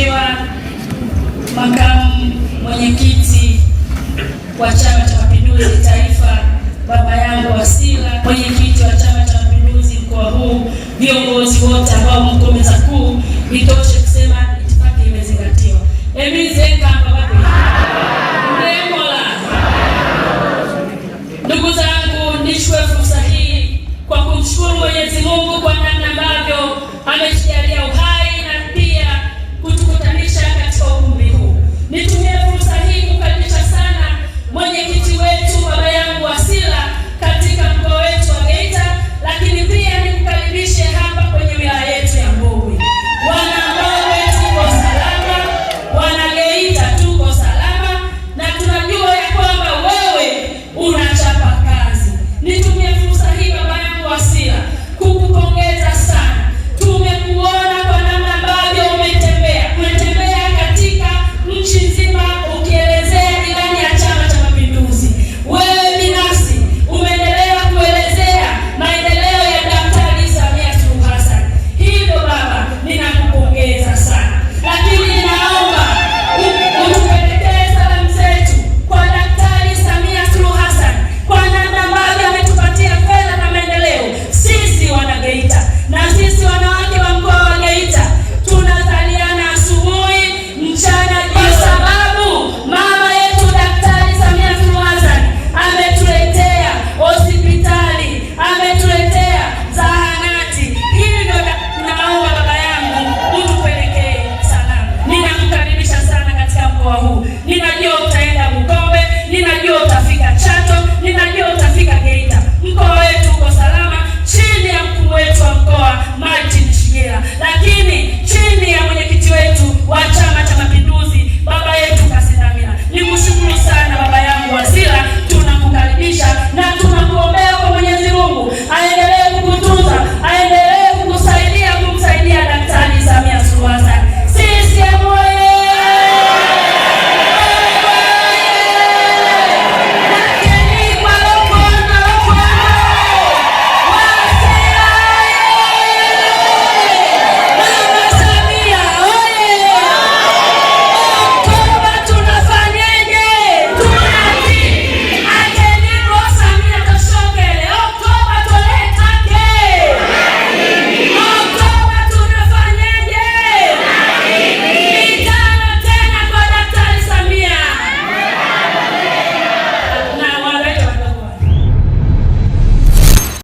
Mheshimiwa makamu mwenyekiti wa Chama cha Mapinduzi Taifa, baba yangu Wasira, mwenyekiti wa Chama cha Mapinduzi mkoa huu, viongozi wote ambao mko meza kuu, itoshe kusema itifaki imezingatiwa.